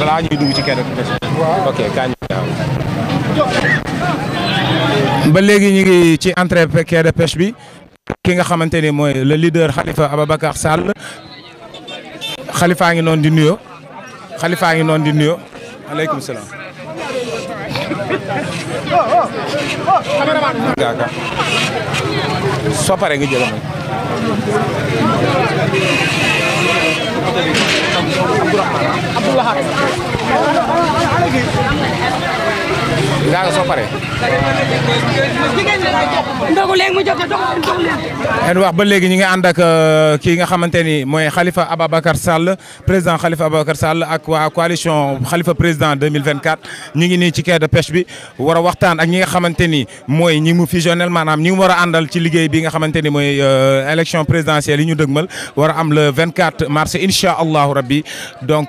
balaa ñuy dugg ci kenn ok kañ ba léegi ñu ngi ci entrée quai de pêche bi ki nga xamante ni mooy le leader Khalifa Ababacar Sall Khalifa ngi noon di nuyo Khalifa ngi noon di nuyo aleykum salaam. soo paree nga jël Abdoulahat ngaa nga soo pare ndogu léegi mu jóg ngeen wax ba léegi ñi nga ànd ak euh, kii nga xamante ni mooy Khalifa Ababacar Sall président Khalifa Ababacar Sall ak waa coalition Khalifa président 2024. ñu ngi nii ci quai de pêche bi war waxtaan ak ñi nga xamante ni mooy ñi mu fusionnel maanaam ñi mu war a àndal ci liggéey bi nga xamante ni mooy euh, élection présidentielle yi ñu dëgmal war a am le 24 mars incha allahu rabbi donc.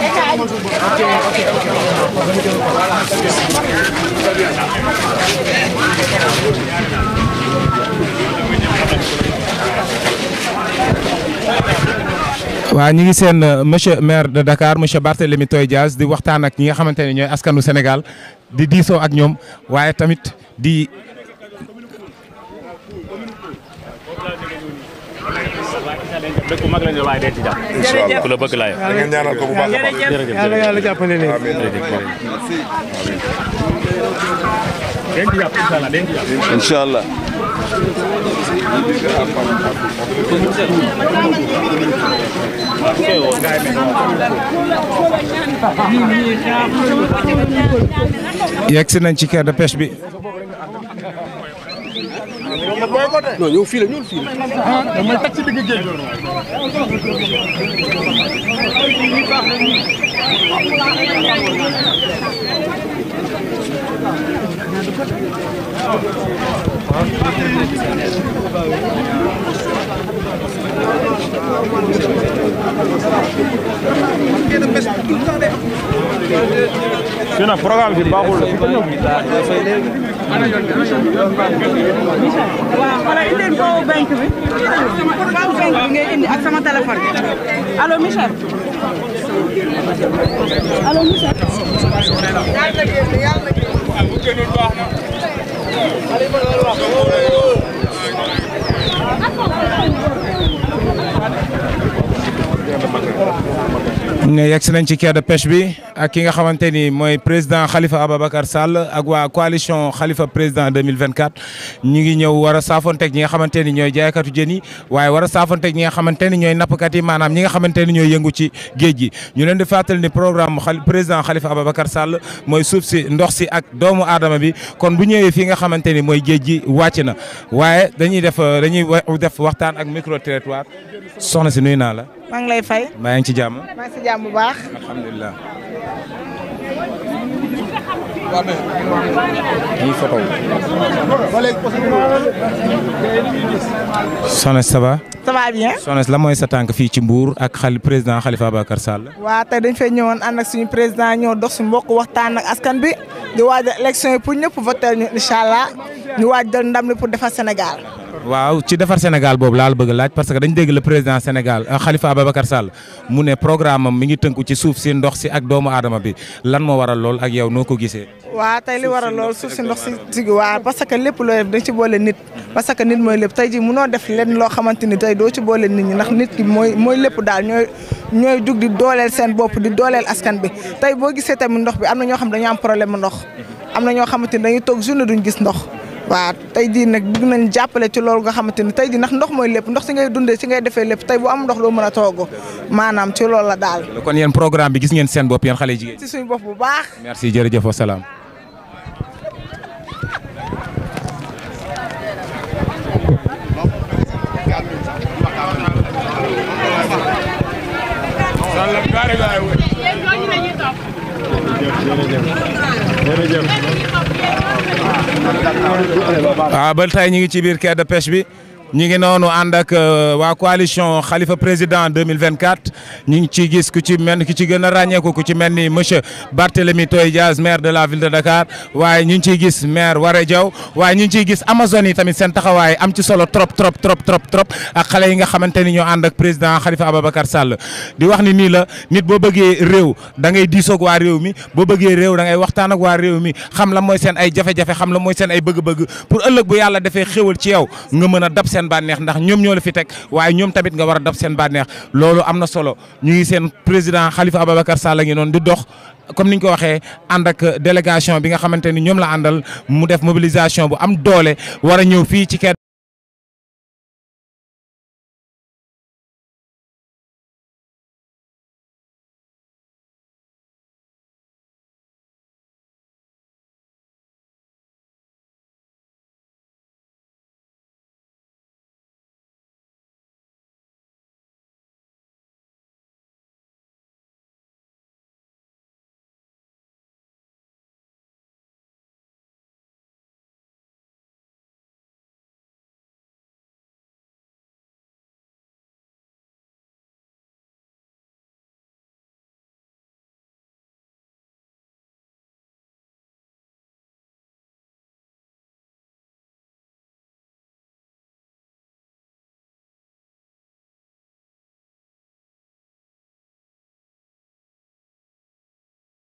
waaw ñu ngi seen euh, monsieur maire de Dakar monsieur Barthélémy Toye Dias di waxtaan ak ñi nga xamante ne ñooy askanu Sénégal di diisoo ak ñoom waaye tamit di. 对我该没有。yegg si nañ ci quai de pêche bi. non ñëw fii la ñëw fii la. ah damay fii nag programme bi baaxul la. waaw wala indi leen foofu bank bi. foofu bank bi ngay indi ak sama téléphone. allo Michel. allo Michel. xam nga yegg si nañ ci quai de pêche bi ak ki nga xamante ni mooy président Khalifa Ababacar Sall ak waa coalition Khalifa président 2024 ngi ñëw war a saafonteeg ñi nga xamante ni ñooy jaaykatu jën yi waaye war a saafonteeg ñi nga xamante ni ñooy nappkat yi maanaam ñi nga xamante ni ñooy yëngu ci géej gi ñu leen di fàttali ni programme président Khalifa Ababacar Sall mooy suuf si ndox si ak doomu aadama bi kon bu ñëwee fii nga xamante ni mooy géej gi wàcc na waaye dañuy def dañuy def waxtaan ak micro territoire soxna si nuyu naa la. maa ngi ñuy photo Sones ça va. bien. Sones la mooy sa tànk fii ci Mbour ak xali président Khalifa Abacar Sall. waaw tey dañ fay ñëwoon ànd ak suñu président ñëw dox suñu mbokk waxtaan ak askan bi di waajal élection yi pour ñëpp voter ñu incha allah ñu waajal ndam li pour defar Sénégal. waaw ci defar Sénégal boobu laal bëgg laaj parce que dañ dégg le président Sénégal euh, Khalifa Ababacar Sall mu ne programme am ngi tënku ci suuf si ndox si ak doomu aadama bi lan moo waral lool ak yow noo ko gisee. waa tey li waral lool suuf si ndox si si waa parce que lépp loo def dañ ci boole nit. parce que nit mooy lépp tey ji mënoo def lenn loo xamante ni tey doo ci boole nit ñi ndax nit ki mooy mooy daal ñooy ñooy jug di dooleel seen bopp di dooleel askan bi tey boo gisee tamit ndox bi am na ñoo xam dañu am problème ndox am na ñoo xamante ni dañuy toog journée duñ gis ndox waaw tey jii nag bëgg nañ jàppale ci loolu nga xamante ni tey jii nax ndox mooy lépp ndox si ngay dundee si ngay defee lépp tey bu am ndox doo mën a togg maanaam ci loolu la daal. kon yéen programme bi gis ngeen seen bopp yéen xale jigéen. ci suñu bopp bu baax. merci jërëjëf wa salaam. waaw ah, ba tey ñu ngi ci biir quai de pêche bi ñu ngi noonu ànd ak euh, waa coalition Khalifa président 2024 ñu ngi ciy gis ku ci mel ku ci gën a ku ci mel ni monsieur Barthélémy Toye Dias maire de la ville de Dakar waaye ñu ngi ciy gis maire Waré Diaw waaye ñu ngi ciy gis Amazone yi tamit seen taxawaay am ci solo trop trop trop trop trop ak xale yi nga xamante ni ñu ànd ak président Khalifa Ababacar Sall di wax ni nii la nit boo bëggee réew da ngay diisoog waa réew mi boo bëggee réew da ngay waxtaan ak waa réew mi xam la mooy seen ay xam la mooy seen ay bëgg-bëgg pour ëllëg bu yàlla defee xéwal ci yow seen bànneex ndax ñoom ñoo la fi waaye ñoom tamit nga war a dab seen bànneex loolu am na solo ñu seen président Khalifa Ababacar Sall a ngi noonu dox comme ni ñu ko waxee délégation bi nga xamante ni ñoom la àndal mu def mobilisation bu am doole war a ñëw fii ci